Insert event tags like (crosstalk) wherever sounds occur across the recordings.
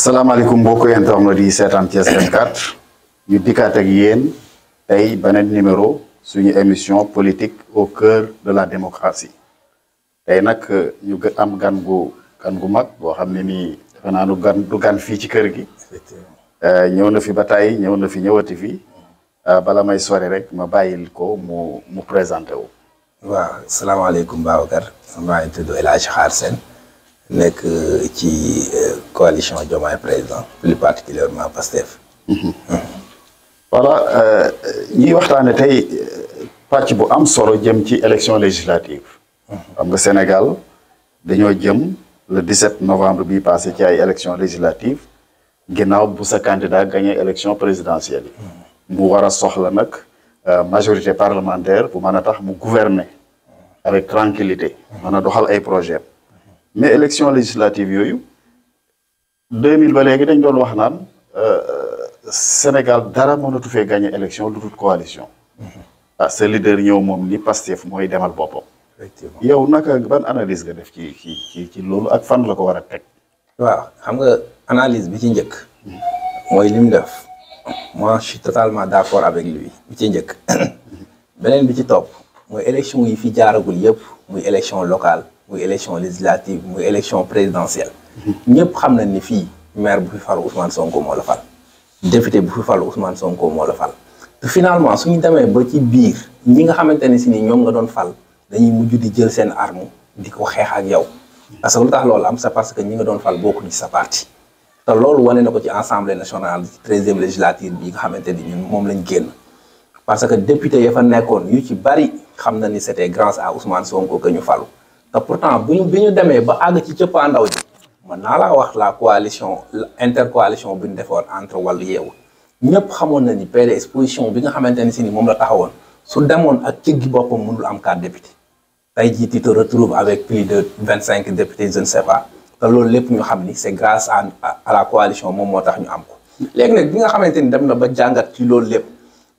asalaamaaleykum mbokk yi internet yi seetaan Thiès 24 ñu dikkaat ak yéen tey beneen numéro suñu émission politique au cœur de la démocratie tey nag euh, ñu am gan gu gan gu mag boo xam ne nii defe naa du gan du fii ci kër gi. Euh, ñëw na fi ba tey ñëw na fi ñëwati fi euh, bala may sori rek ma bàyyil ko mu mu présenté wu. waaw salaamaaleykum Babacar. maa ngi tudd El Hadj Xaar Sène nekk euh, ci euh, coalition Diomaye président plus particulièrement PASTEF. Mhm. voilà euh, ñuy waxtaane tey pàcc bu am solo jëm ci élection législative. Mhm. xam nga Sénégal dañoo jëm le 17 novembre bi passé ci ay élection législative ginnaaw bu sa candidat gagné élection présidentielle mhm. mu war a soxla nag majorité parlementaire bu mën a tax mu gouverner. avec tranquillité mën a doxal ay projet mais élection législative yooyu mille ba léegi dañ doon wax naan euh, Sénégal dara mënatu fee gagné élection lu dul coalition. Mm-hmm. ah sa leader ñëw moom ni Pastef mooy demal boppam. yow naka ban analyse nga def ci ci ci ci loolu ak fan la ko war a teg. waaw xam nga analyse bi ci njëkk. mooy li mu def. moi je suis totalement d' accord avec lui bi ci njëkk. (coughs) beneen bi ci top mooy élection yi fi jaaragul yëpp muy élection locale. muy élection législative muy élection présidentielle. ñëpp xam na ni fii maire bu fi falu Ousmane Sonko moo la fal. député bu fi falu Ousmane Sonko moo la fal. te suñu demee ba ci biir ñi nga xamante ne si ni ñoom nga doon fal dañuy mujj di jël seen arme di ko xeex ak yow. parce que lu tax loolu am c'est parce que ñi nga doon fal bokku sa parti. te loolu wane na ko ci assemblée nationale ci treizième législature bi nga xamante ni ñun moom lañ génn. parce que député ya fa nekkoon yu ci bari xam na ni c'était grâce à Ousmane Sonko que ñu falu. te pourtant bu bi ñu demee ba àgg ci cëppaandaw ji mën naa laa wax la coalition intercoalition bi ñu defoon entre wàllu yeewu ñëpp xamoon na ni PDS exposition bi nga xamante ne si ni moom la taxawoon su demoon ak cëggi boppam mënul am quatre députés tey jii tu te retrouves avec plus de vingt cinq députés je ne sais pas te loolu lépp ñu xam ni c'est grâce à à la coalition moom moo tax ñu am ko. léegi nag bi nga xamante ni dem na ba jàngat ci loolu lépp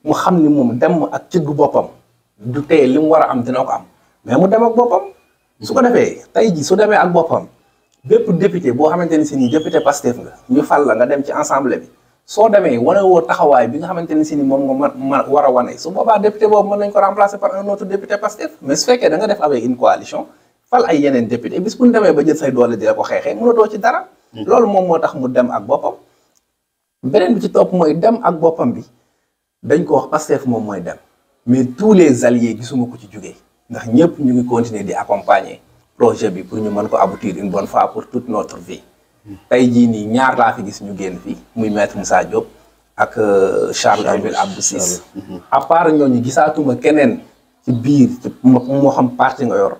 mu xam ni moom dem ak cëgg boppam du tey li mu war a am dina am su ko defee tey ji su demee ak boppam bépp député boo xamante ni si ni député Pastef nga ñu fal la nga dem ci ensemble bi soo demee wane woo taxawaay bi nga xamante ni si ni moom nga ma war a wane su boobaa député boobu mën nañ ko remplacer par un autre député Pastef mais su fekkee da nga def avec une coalition fal ay yeneen député bis bu ñu demee ba jël say doole di la ko xeexee mënatoo ci dara. Mm-hmm. loolu moom moo tax mu dem ak boppam. beneen bi ci topp mooy dem ak boppam bi dañ ko wax Pastef moom mooy dem mais tous les alliés gisuma ko ci jugee. ndax ñëpp ñu ngi continuer di accompagner projet bi pour ñu mën ko aboutir une bonne fois pour tout notre vie. tey jii nii ñaar laa fi gis ñu génn fii muy maître Moussa Diop ak euh, Charles Emile Abdou Ciss mhm. à part ñooñu gisaatuma keneen ci biir moo xam parti nga yor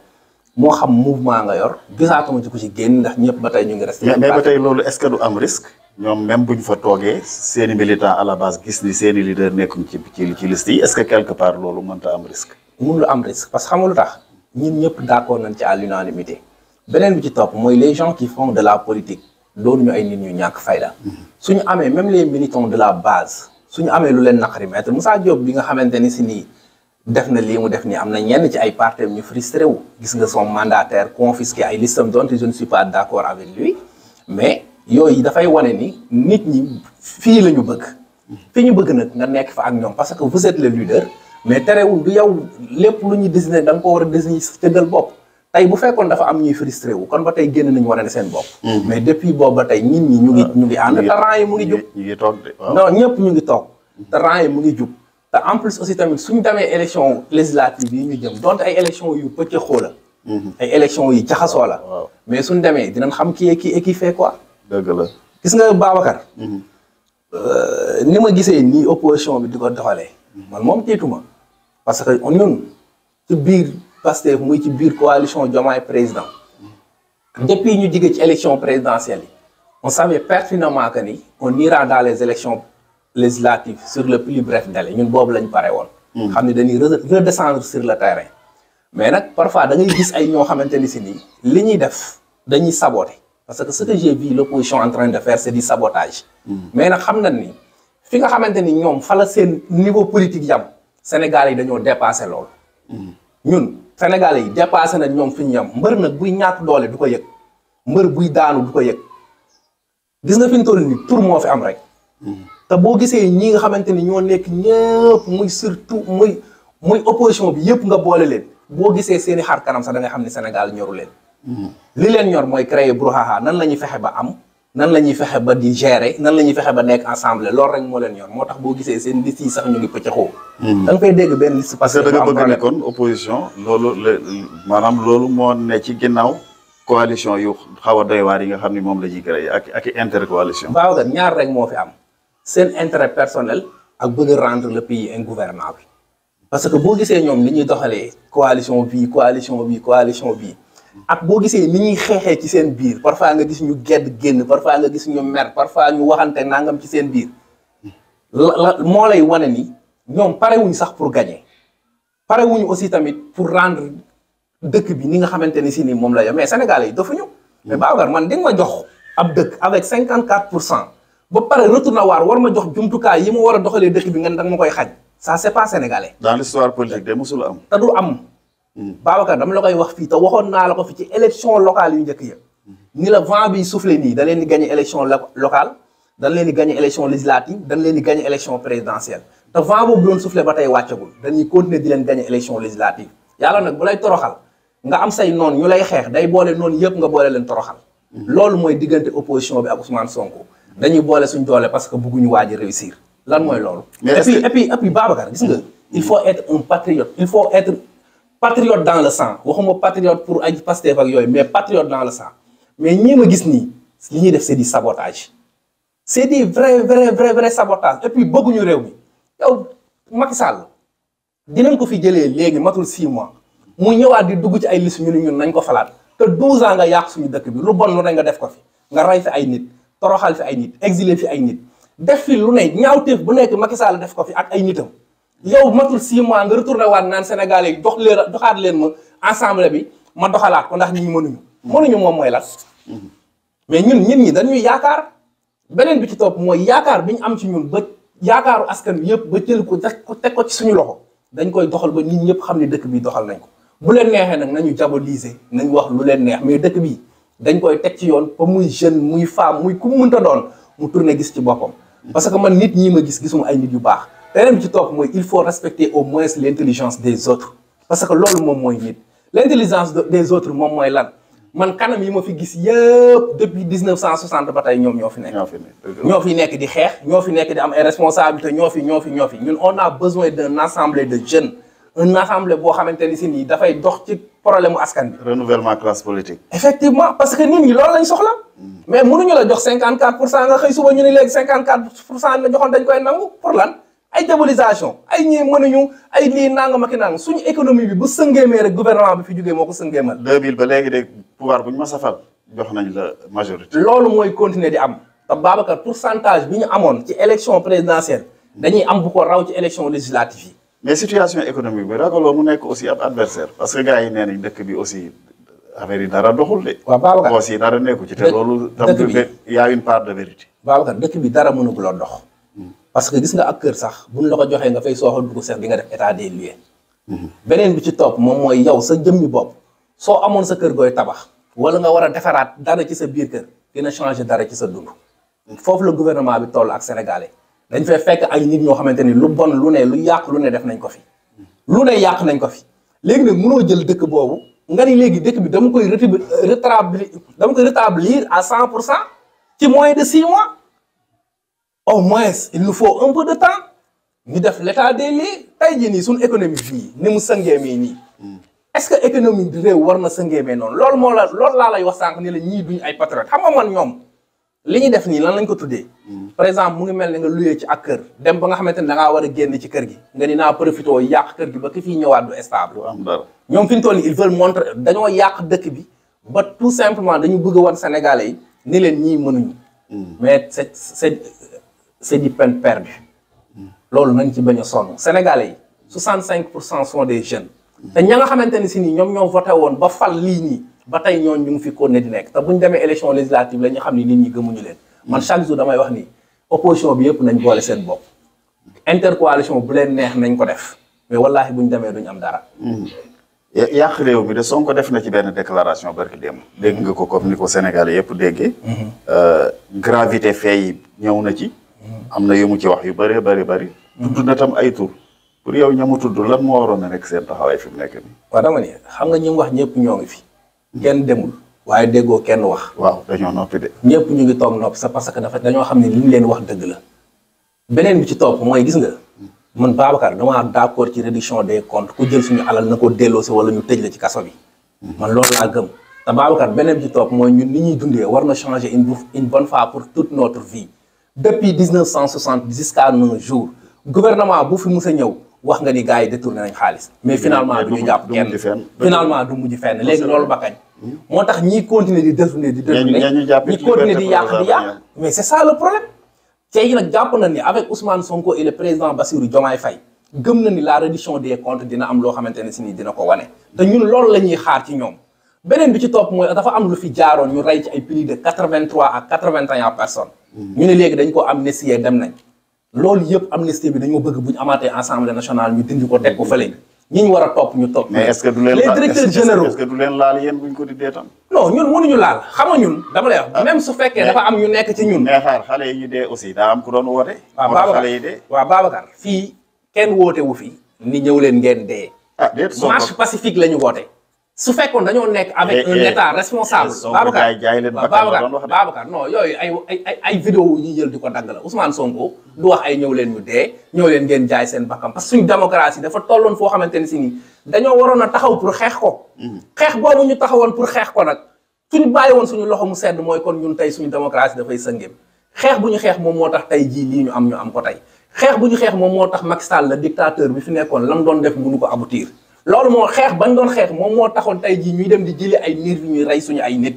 moo xam mouvement nga yor gisaatuma ci ku ci génn ndax ñëpp ba tey ñu ngi resté. mais ba tey loolu est-ce que du am risque. ñoom même bu fa toogee seeni militant à la base gis ni seeni leader nekkuñ ci ci ci est-ce que quelque part loolu mënta am risque. mënul am risque parce que xam tax ñun ñëpp d'accord nañ ci à l'unanimité beneen bi ci topp mooy les gens qui font de la politique doon ñu ay nit ñu ñàkk fayda ñu amee même les militants de la base suñu amee lu leen naqari maître Moussa Diop bi nga xamante ni si nii def na lii mu def nii am na ñenn ci ay partem ñu frustré wu gis nga son mandataire confisqué ay listam donte je ne suis pas d'accord avec lui mais yooyu dafay wone ni nit ñi fii la ñu bëgg fi ñu bëgg nag nga nekk fa ak ñoom parce que vous êtes le mais terewul du yow lépp lu ñu désigné da nga ko war a désigné sa tëggal bopp tey bu fekkoon dafa am ñuy frustré wu kon ba tey génn nañu a ne seen bopp. Mhm. mais depuis boobu ba tey nit ñi ñu ngi. ñu ngi ànd te rang yi mu ngi jub. ñu ngi toog de ñëpp ñu ngi toog. te rang yi mu ngi jub. te en plus aussi tamit suñ demee élection législative yi ñu jëm donte ay élection yu pëcc xoola. Mhm. ay élection yu jaxasoo la. mais suñ demee dinañ xam ki kii et kii fait quoi. la gis nga Babacar. Mhm. Euh, ni ma gisee nii opposition bi di ko doxalee. man moom tiituma parce que ñun ci biir Pastef muy ci biir coalition Diomaye président depuis ñu jige ci élection présidentielle yi on savait pertinemment que ni on ira dans les élections législatives sur le plus bref délai ñun boobu lañ pare woon hmm. xam ne dañuy redescendre sur le terrain mais nag parfois da gis ay ñoo xamante ni si nii li ñuy def dañuy saboter parce que ce que j'ai vu l'opposition en train de faire c'est du sabotage hmm. mais nag xam na ni fi nga xamante ni ñoom fa la seen niveau politique yam Sénégal yi dañoo dépassé loolu. ñun Sénégal yi dépassé nañ ñoom fi ñu ñam mbër nag buy ñàkk doole du ko yëg mbër buy daanu du ko yëg gis nga fi ñu toll nii tur moo fi am rek. te boo gisee ñi nga xamante ni ñoo nekk ñëpp muy surtout muy muy opposition bi yëpp nga boole leen boo gisee seen i xar kanam sax da nga xam ne Sénégal ñoru leen. Mm. li leen ñor mooy créer brouhaha nan la ñuy fexe ba am. nan la ñuy fexe ba di gérer nan la ñuy fexe ba nekk ensemble loolu rek moo leen yor moo tax boo gisee seen sax ñu ngi pëccëxoo. Hmm. da benn liste. parce que da nga bëgg ni kon opposition loolu maanaam loolu moo ci ginnaaw coalition yu xaw a doy yi nga xam ni moom la ñuy créé ak ak intercoalition. waaw kat ñaar rek moo fi am seen intérêt personnel ak bëgg rendre le pays ingouvernable parce que boo gisee ñoom li ñuy doxalee coalition bii coalition bi coalition bii. ak boo gisee ni ñuy xeexee ci seen biir parfois nga gis ñu gedd génn parfois nga gis ñu mer parfois ñu waxante nangam ci seen biir la moo lay wane ni ñoom parewuñu sax pour gagner parewuñ aussi tamit pour rendre dëkk bi ni nga xamante ni si ni moom la yo mais Sénégalais yi dafa ñu mais Babacar man di nga ma jox ab dëkk avec cinquante quatre pour cent ba pare retour na war ma jox jumtukaay yi ma war a doxalee dëkk bi nga danga ma koy xaj ça c'est pas sénégalais. dans l'histoire politique de mosul am. te du Babacar dama la koy wax fii te waxoon naa la ko fi ci élection locale yu njëkk ya ni la vent bi soufflé nii da leen di gagné élection locale dañ leen di gagné élection législative dañ leen di élection présidentielle te vent boobu doon soufflé ba tey wàccagul dañuy continuer di leen gagné élection législative yàlla nag bu lay toroxal nga am say noon ñu lay xeex day boole noonu yëpp nga boole leen toroxal. loolu mooy diggante opposition bi ak Ousmane Sonko. dañuy boole suñ doole parce que bëgguñu waaj a réussir. lan mooy loolu. mais et puis et puis Babacar gis nga. Hmm. il patriote dans le sang waxuma patriote pour ay Pastef ak yooyu mais patriote dans le sang mais ñii ma gis nii li ñuy def c'est di sabotage c'est du vrai vrai vrai vrai sabotage et puis bëgguñu réew mi yow Macky Sall dinañ ko fi jëlee léegi matul 6 mois mu ñëwaat di dugg ci ay liste ñu ne ñun nañ ko falaat te 12 ans nga yàq suñu dëkk bi lu bon lu ne nga def ko fi nga rey fi ay nit toroxal fi ay nit exilé fi ay nit def fi lu ne ñaawteef bu nekk Macky Sall def ko fi ak ay nitam. yow matul 6 mois nga retourné waan naan Sénégalais yi dox leen doxaat leen ma ensemble bi ma doxalaat ko ndax nit ñi mënuñu. mënuñu moom mooy las mais ñun nit ñi dañuy yaakaar beneen bi ci topp mooy yaakaar bi ñu am ci ñun ba yaakaaru askan bi yëpp ba jël ko teg ko teg ko ci suñu loxo dañ koy doxal ba nit ñëpp xam ne dëkk bi doxal nañ ko bu leen neexee nag nañu diaboliser nañ wax lu leen neex mais dëkk bi dañ koy teg ci yoon ba muy jeune muy femme muy ku mu mënta doon mu tourné gis ci boppam. parce que man nit ñi ma gis gisuma ay nit yu baax. beneen bi ci topp mooy il faut respecter au moins l' intelligence des autres parce que loolu moom mooy nit l' intelligence des autres moom mooy lan man kanam yi ma fi gis yëpp depuis dix neuf cent soixante ba tey ñoom ñoo fi nekk. ñoo fi nekk di xeex ñoo fi nekk di am ay responsabilités ñoo fi ñoo fi ñoo fi ñun on a besoin d' un assemblée de jeunes un assemblée boo xamante ni si nii dafay dox ci problème mu askan bi. renouvellement classe politique. effectivement parce que nit ñi loolu lañ soxla. Hmm. mais mënuñu la ay diabolisation ay ñii mënuñu ay lii nangam ak nangam suñu économie bi bu sëngeemee rek gouvernement bi fi jógee moo ko sëngeemal. 2000 ba léegi de pouvoir bu ñu mas a fal jox nañ la majorité. loolu mooy continuer di am te Babacar pourcentage bi ñu amoon ci élection présidentielle dañuy am bu ko raw ci élection législative yi. mais situation économique bi ragaloo mu nekk aussi ab adversaire parce que gars yi nee nañ dëkk bi aussi affaire yi dara doxul de. waaw Babacar aussi dara nekku te loolu. dëkk bi de vérité. Babacar dëkk bi dara mënaguloo dox. parce que gis nga ak kër sax bu buñ la ko joxee nga fay sooxal dugg seet di nga def état des lieux. beneen bi ci topp moom mooy yow sa jëmmi bopp soo amoon sa kër gooy tabax wala nga war a defaraat dara ci sa biir kër dina changer dara ci sa dund. foofu la gouvernement bi toll ak sénégalais dañ fay fekk ay nit ñoo xamante ni lu bon lu ne lu yàq lu ne def nañ ko fi. lu ne yàq nañ ko fi léegi nag mënoo jël dëkk boobu nga ni léegi dëkk bi dama koy rétablir dama koy rétablir à cent pour cent ci moins de six mois. au moins il faut un peu de temps ñu def l'état des lieux tey jii nii suñu économie bii ni mu sëngeemee nii hmm. est-ce que économie bi réew war na sëngeemee noonu lool moo la lool laa lay wax sànq ni la ñii duñ ay patriote xam nga man ñoom li ñu def nii lan lañ ko tuddee hmm. par exemple mu ngi mel ni nga luyee ci ak kër dem ba nga xamante ne da ngaa war a génn ci kër gi nga ni naa profité yàq kër gi ba ki fii ñëwaat du stable ñoom fi ñu toll nii ils veulent montrer dañoo yàq dëkk bi ba tout simplement dañu bëgg a wan Sénégalais ni leen ñii mënuñu hmm. mais c'est c'est c'est du per perdue loolu nañ ci bañ a sonn Sénégalais yi 65 pour cent son des jeunes te ña nga xamante ni si nii ñoom ñoo voté woon ba fal lii nii ba tey ñooñu ñu ngi fi continuer di nekk te bu ñu demee élection législative la ñu xam ni nit ñi gëmuñu leen man chaque jour damay wax ni opposition bi yëpp nañ boole seen bopp intercoalition bu leen neex nañ ko def mais wallaahi bu ñu demee duñ am dara hmm. yàq réew mi de Sonko def na ci benn déclaration barki démb dégg nga ko comme ni ko Sénégal yëpp déggee hmm. euh, gravité fee ñëw na ci am na yu mu ci wax yu bëree bëri bëri. tudd na tam ay tur. pour yow ñamu tudd lan moo waroon a nekk seen taxawaay fi mu nekk nii. waaw dama ne xam nga ñi wax ñëpp ñoo ngi fi. Hmm. kenn demul. waaye déggoo kenn wax. waaw dañoo noppi de. ñëpp ñu ngi toog nopp sa parce que dafa dañoo xam ne li ñu leen wax dëgg la. beneen bi ci topp mooy gis nga. Hmm. man Babacar damaa d'accord ci réduction des comptes ku jël suñu alal na ko delloosi wala ñu tëj la ci kaso bi. Hmm. man lool laa gëm. te beneen bi ci mooy ñun ni ñuy dundee war na changer une une bonne fois pour toute notre vie. depuis 1960 jusqu'à nos jours gouvernement bu fi mus a ñëw wax nga ni gars yi détourné nañ xaalis mais finalement du ñu jàpp kenn finalement du mujj fenn léegi loolu ba kañ hmm. moo tax ñiy continuer di détourné di détourné ñi continuer di yàq di yàq mais c'est ça le problème tey jàpp na ni avec Ousmane Sonko et le président Bassirou Diomaye Faye gëm na ni la reddition des comptes dina am loo xamante ne si nii dina ko wane te ñun loolu la ñuy xaar ci ñoom beneen bi ci topp mooy dafa am lu fi jaaroon ñu rey ci ay plus de 83 à ñu ne léegi dañ ko amnistie dem nañ loolu yëpp amnistie bi dañoo bëgg bu ñu amaatee assemblée nationale ñu dindi ko teg ko fële ñi ñu war a topp ñu topp. mais que du leen laal les directeurs généraux est-ce que du leen laal yéen ñu dee tam. non ñun mënuñu laal xam nga ñun dama lay wax. Ah. même su fekkee dafa am ñu nekk ci ñun. mais xaar xale yi ñu dee aussi daa am ku doon woote. waaw Babacar xale yi dee. fii kenn woote wu fi. ni ñëw leen ngeen dee. ah déet marche pacifique la ñu woote. su fekkoon dañoo nekk avec eh, un eh, état responsable. Eh, Babacar Babacar Babacar non yooyu ay ay ay vidéo yi jël di ko dagg la Ousmane Sonko. du wax ay ñëw leen ñu dee ñëw leen ngeen jaay seen bakkam parce que suñ démocratie dafa tolloon foo xamante ni si nii dañoo waroon a taxaw pour xeex ko. Mm-hmm. xeex boobu ñu taxawoon pour xeex ko nag suñ bàyyi woon suñu loxo mu sedd mooy kon ñun tey suñu démocratie dafay sëngéem xeex bu ñu xeex moom moo tax tey jii lii ñu am ñu am ko tey xee bu ñu xeex moom moo tax Macky Sall la dictateur bi fi nekkoon lam doon def mënu ko aboutir loolu moo xeex ban doon xeex moom moo taxoon tey jii ñuy dem di jëli ay niir yu ñuy rey suñu ay nit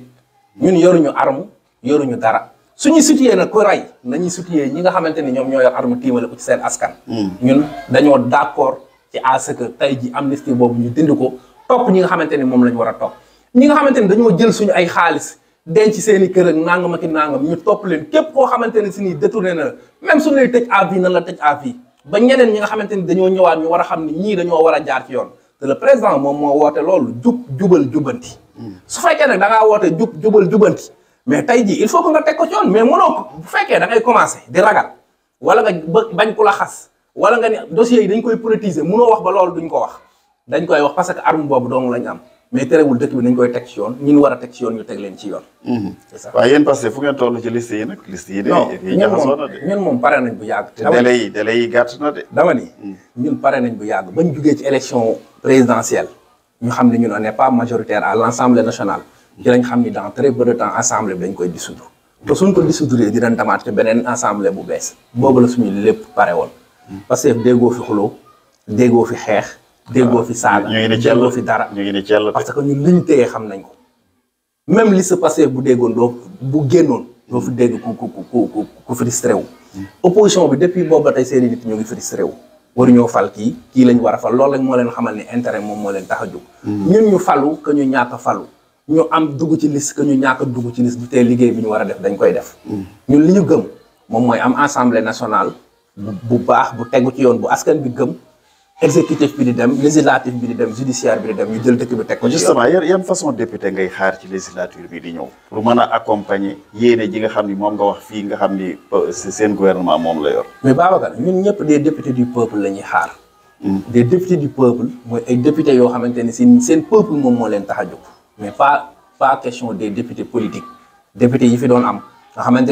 ñun yoruñu arme yoruñu dara suñuy sutiyee nag ku rey nañuy sutiyee ñi nga xamante ni ñoom ñoo yor arme tiimale ko seen askan hmm. ñun dañoo d'accord ci à que tey jii amnistie boobu ñu ko topp ñi xamante ni moom la ñu war a topp ñi nga xamante ni dañoo jël suñu ay xaalis denc seen i kër ak nangam ak i nangam ñu topp leen képp koo xamante ne si nii détourné na la même suñu lay tëj à vie la tëj à vie ba ñeneen ñi nga xamante ni dañoo ñëwaat ñu war a xam ne ñii dañoo war a jaar ci yoon te le président moom moo woote loolu jub jubal jubanti. su fekkee nag da ngaa woote jub jubal jubanti mais tey jii il faut que nga teg ko ci yoon mais mënoo ko bu fekkee da ngay commencé di ragal wala nga bañ ku la xas wala nga ni dossier yi dañ koy politiser mënoo wax ba loolu duñ ko wax dañ koy wax parce que arme boobu dong lañ am mais terewul dëkk bi nañ koy teg ci yoon ñun war a teg ci yoon ñu teg leen ci yoon. Mhm. c'est ça waaw yéen parce que fu ñun moom pare nañ bu yàgg. te délai yi délai yi gàtt na de. dama ni mhm. présidentielle ñu xam ne ñun on n'est pas majoritaire à l'Assemblée nationale ci lañ xam ni dans très peu de temps assemblée bi dañ koy dissoudre te suñ ko dissoudre dinañ damaat ci beneen assemblée bu bees boobu la suñu lépp pare woon parce que déggoo fi xuloo déggoo fi xeex déggoo fi saaga déggoo fi dara parce que ñun liñ téye xam nañ ko même li se passé bu déggoon doo bu génnoon doo fi dégg ku ku ku ku ku frustré wu mm. opposition bi depuis boobu tey seeni nit ñu ngi frustré wu waruñoo fal kii kii lañ war a fal loolu lañ moo leen xamal ni intérêt moom moo leen tax a jug hmm. ñun ñu falu que ñu ñàkk a falu. ñu am dugg ci liste que ñu ñàkk dugg ci liste du tee liggéey bi ñu war a def dañ koy def. Hmm. ñun li ñu gëm moom mooy am assemblée nationale. bu baax bu tegu ci yoon bu askan bi gëm. exécutif bi di dem législatif bi di dem judiciaire bi di dem ñu jël dëkk bi teg ko. justement yan façon député ngay xaar ci législature bi di ñëw. pour mën a accompagner yéene ji nga xam ni moom nga wax fii nga xam ni euh, seen gouvernement moom la yor. mais Babacar ñun ñëpp des députés du peuple la ñuy xaar. Hmm. des députés du peuple mooy ay députés yoo xamante ne si seen peuple moom moo leen tax a jóg. mais pas pas question des députés politiques députés yi fi doon am nga xamante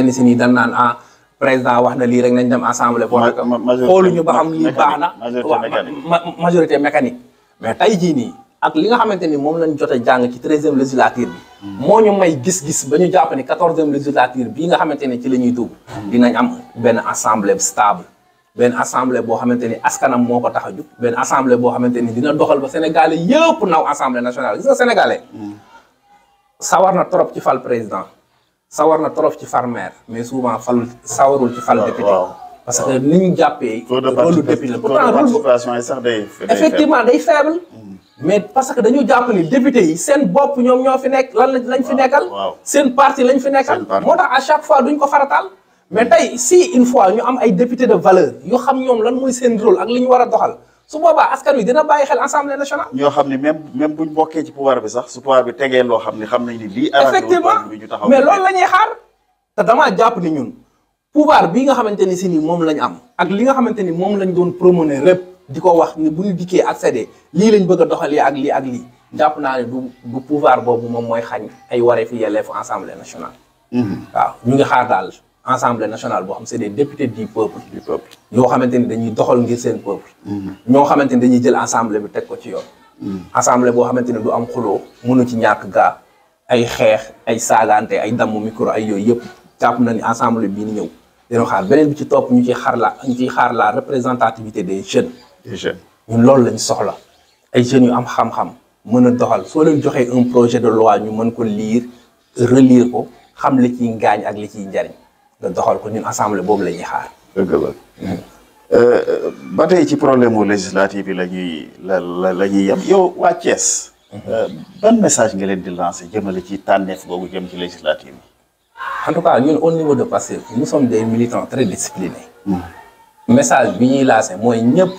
président wax na lii rek nañ dem assemblée. ma majorité xooluñu ba xam lii baax majorité mécanique mais tey jii nii ak li nga xamante ni moom lañ jot a jàng ci treizième législature bi. Hmm. moo ñu may gis-gis ba ñu jàpp ni quatorzième législature bii nga xamante ne ci la ñuy dugg. Hmm. dinañ am benn assemblée stable. benn assemblée boo xamante ni askanam moo ko tax a jug. benn assemblée boo xamante ni dina doxal ba sénégalais yëpp naw assemblée nationale gis nga sénégalais. Hmm. sawar na trop ci fal président. sawar na trop ci far mais souvent fal sawarul ci fal député parce que ni ñu jàppee. rôle député la pourtant participation yi sax day. effectivement day faible. Hmm. mais parce que dañu jàpp ni député yi seen bopp ñoom ñoo fi nekk lan lañ fi nekkal. seen parti lañ fi nekkal. moo tax à chaque fois duñ ko farataal. mais tey si une fois ñu am ay député de valeur yu xam ñoom lan mooy seen rôle ak li ñu war a doxal. su boobaa askan wi dina bàyyi xel assemblée nationale. ñoo xam ne même même buñ bokkee ci pouvoir bi sax su pouvoir bi tegee loo xam ne xam nañ ni lii. effectivement bi ñu taxaw mais loolu la ñuy xaar. damaa jàpp ni ñun pouvoir bi nga xamante ni si ni moom lañ am. ak li nga xamante ni moom lañ doon promener lépp di ko wax ni bu ñu dikkee accédé lii lañ bëgg a doxalee ak lii ak lii jàpp naa ne du du pouvoir boobu moom mooy xañ ay wareef yelleefu assemblée nationale. Mhm. waaw ñu ngi xaar daal. assemblée nationale boo xam c'est des députés du peuple. du peuple yoo xamante ni dañuy doxal ngir seen peuple. Mm-hmm. ñoo xamante ni dañuy jël assemblée bi teg ko ci yoon. assemblée mm-hmm. boo xamante ni du am xuloo munu ci ñàkk gaa ay xeex ay saagante ay damm micro ay yooyu yëpp jàpp na ni assemblée bii ni ñëw. dina xaar beneen bi ci topp ñu ciy xaar la ñu ciy xaar la représentativité des jeunes. des jeunes ñun loolu lañ soxla. ay jeunes yu am xam-xam mën a doxal soo leen joxee un projet de loi ñu mën ko lire relire ko xam li ciy ngaañ ak li ciy njariñ. nga doxal ko ñun assemblée boobu la ñuy xaar. dëgg la. Mm-hmm. Euh, ba tey ci problème mu législative yi la ñuy la la ñuy yem yow wàccees mm-hmm. euh, ban message nga leen di lancer jëmale ci tànneef boobu jëm ci législative yi. en tout cas ñun au niveau de Pastef nous sommes des militants très disciplinés. Mm-hmm. message bi ñuy lancé mooy ñëpp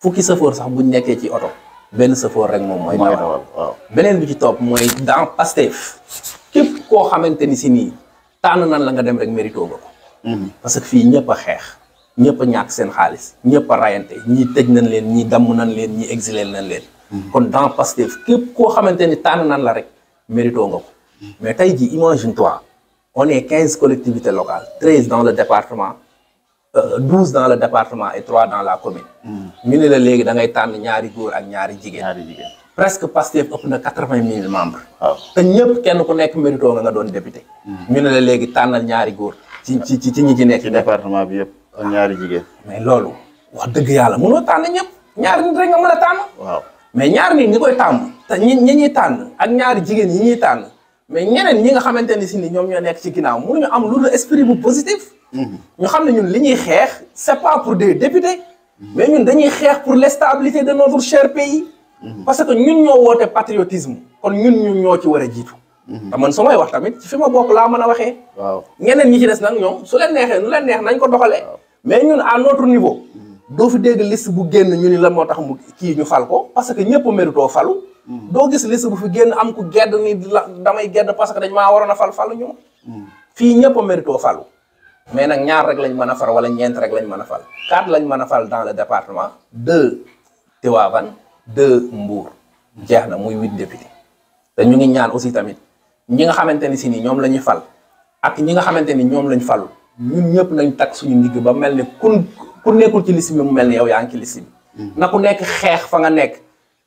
fukki sëfoor sax buñ nekkee ci oto benn sëfoor rek moom mooy dawal beneen bi ci topp mooy dans Pastef képp koo xamante ni si nii tànn nan la nga dem rek mérito nga ko. Mhm. parce que fii ñëpp xeex. ñëpp a ñàkk seen xaalis ñëpp a rayante ñii tëj nañ leen ñii damm nañ leen ñii exilé nañ leen. Mhm. kon dans Pastef képp koo xamante ni tànn nan la rek mérito nga ko. Mhm. mais tey jii imagine toi on est quinze collectivités locales treize dans le département euh, douze dans le département et trois dans la commune. ñu ne la léegi da ngay tànn ñaari góor ak ñaari jigéen. ñaari jigéen. presque Pastef ëpp na quatre-vingt mille membres. waaw te ñëpp kenn ku nekk mérito nga nga doon député. Mm-hmm. ñu ne la léegi tànnal ñaari góor. ci ci ci ñi ci nekk. ci département bi yëpp ak ñaari jigéen. mais loolu wax dëgg yàlla mënoo tànn ñëpp ñaar nit rek nga mën a tànn. waaw mais ñaar nit ñi koy tàmm. te ñi ñi tànn ak ñaari jigéen ñi ñuy tànn mais ñeneen ñi nga xamante ni si ni ñoom ñoo nekk ci ginnaaw mënuñu am lu esprit bu positif. Mm-hmm. ñu xam ne ñu li ñuy xeex c'est pas pour des députés. Mm-hmm. mais ñun xeex pour l'stabilité de notre cher pays. Mhm. parce que ñun ñoo woote patriotisme kon ñun ñun ñoo ci war a jiitu. Mhm. te man su may wax tamit ci fi ma bokk laa mën a waxee. waaw ñi ci des nag ñoom su leen neexee nu leen neex nañ ko doxalee. mais ñun à notre niveau. Mhm. doo fi dégg liste bu génn ñu ni la moo tax mu kii ñu fal ko parce que ñëpp méritoo falu. doo gis liste bu fi génn am ku gedd ni la damay gedd parce que dañ maa waroon a fal falu ñu fii ñëpp méritoo falu. mais nag ñaar rek lañ mën a far wala ñeent rek lañ mën a fal. quatre lañ mën fal dans le département. deux deux Mbour jeex na muy huit députés te ñu ngi ñaan aussi tamit ñi nga xamante ni si nii ñoom la ñuy fal ak ñi nga xamante ni ñoom lañ fal ñun ñëpp nañ takk suñu ndigg ba mel ni kun ku nekkul ci liste mu mel ni yow yaa ngi ci liste hmm. na ku nekk xeex fa nga nekk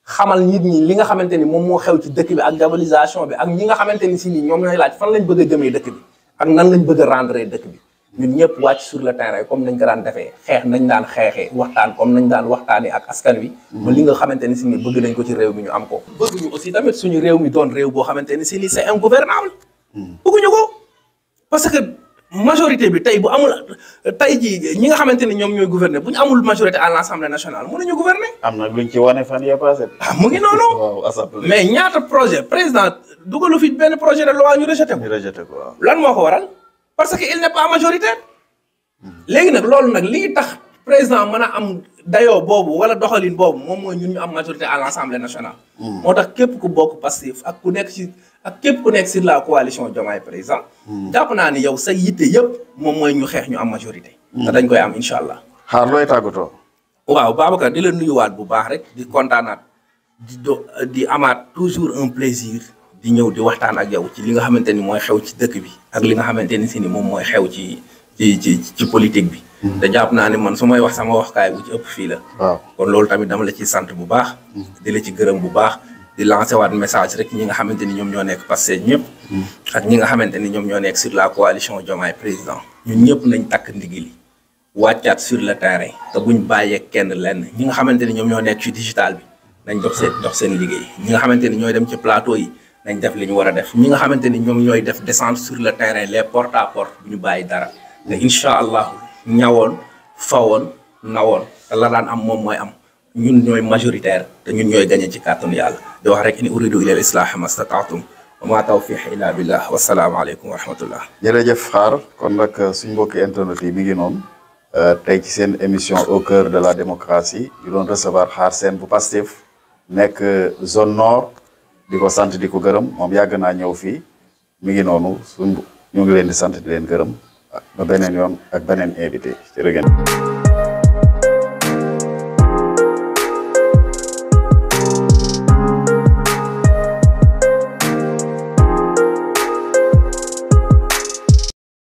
xamal nit ñi li nga xamante ni moom moo xew ci dëkk bi ak globalisation bi ak ñi nga xamante ni si ni ñoom lañ laaj fan lañ bëgg a dëkk bi ak nan lañ bëgg a rendre dëkk bi. ñun ñëpp wàcc sur le terrain comme nañ ko daan defee xeex nañ daan xeexee waxtaan comme nañ daan waxtaanee ak askan wi ba li nga xamante ni si ni bëgg nañ ko ci réew mi ñu am ko bëgguñu aussi tamit suñu réew mi doon réew boo xamante ni si ni c'est ingouvernable bëgguñu ko parce que majorité bi tey bu amul tey jii ñi nga xamante ni ñoom ñooy gouverner bu ñu amul majorité à l'Assemblée nationale mënuñu gouverner. am na luñ ci wane fan yii passé. Ah, mu ngi noonu. mais ñaata projet président dugalu fi benn projet de loi ñu rejeté ko. ñu ko lan moo ko waral. parce que il n'est pas majoritaire léegi nag loolu nag li tax président mën a am dayoo boobu wala doxalin boobu moom mooy ñun ñu am majorité à l'Assemblée nationale. moo tax képp ku bokk Pastef ak ku nekk ci képp ku nekk ci la coalition Diomaye Président. jàpp naa ni yow sax yitte yëpp moom mooy ñu xeex ñu am majorité. te dañ koy am incha allah. xaar looy tàggatoo. waaw Babacar di la nuyuwaat bu baax rek di kontaanaat di do di amaat toujours un plaisir. di ñëw di waxtaan ak yow ci li nga xamante ni mooy xew ci dëkk bi ak li nga xamante ni si ni moom mooy xew ci ci ci ci politique bi. Hmm. te jàpp naa ne man su may wax sama waxkaay bu ci ëpp fii la. waaw kon loolu tamit dama la ci sant bu baax. Hmm. di la ci gërëm bu baax. di lancé waat message rek ñi nga xamante ni ñoom ñoo nekk Pastef ñëpp. Hmm. ak ñi nga xamante ni ñoom ñoo nekk sur la coalition Diomaye président ñun ñëpp nañ takk ndigili wàccaat sur le terrain te buñ bàyyee kenn lenn ñi nga xamante ni ñoom ñoo nekk ci digital bi nañ dox seen dox seen liggéey ñi nga xamante ni ñooy dem ci plateau yi. nañ def li ñu war a def ñi nga xamante ni ñoom ñooy def descendre sur le terrain les porte à porte bu ñu bàyyi dara te incha allahu ñawoon fawoon nawoon te la am moom mooy am ñun ñooy majoritaire te ñun ñooy gañe ci kàttanu yàlla di wax rek in uridu ila islaaha mastataatum wa ma tawfiq illa billah wasalaamaaleykum wa rahmatullah jërëjëf xaar kon nag uh, suñ mbokki internet yi mi ngi noonu uh, tey ci seen émission au cœur de la démocratie ñu doon recevoir xaar seen bu Pastef nekk uh, zone nord di ko sant di ko gërëm moom yàgg naa ñëw fii mi ngi noonu suñ ñu ngi leen di sant di leen gërëm ba beneen yoon ak beneen invité jërë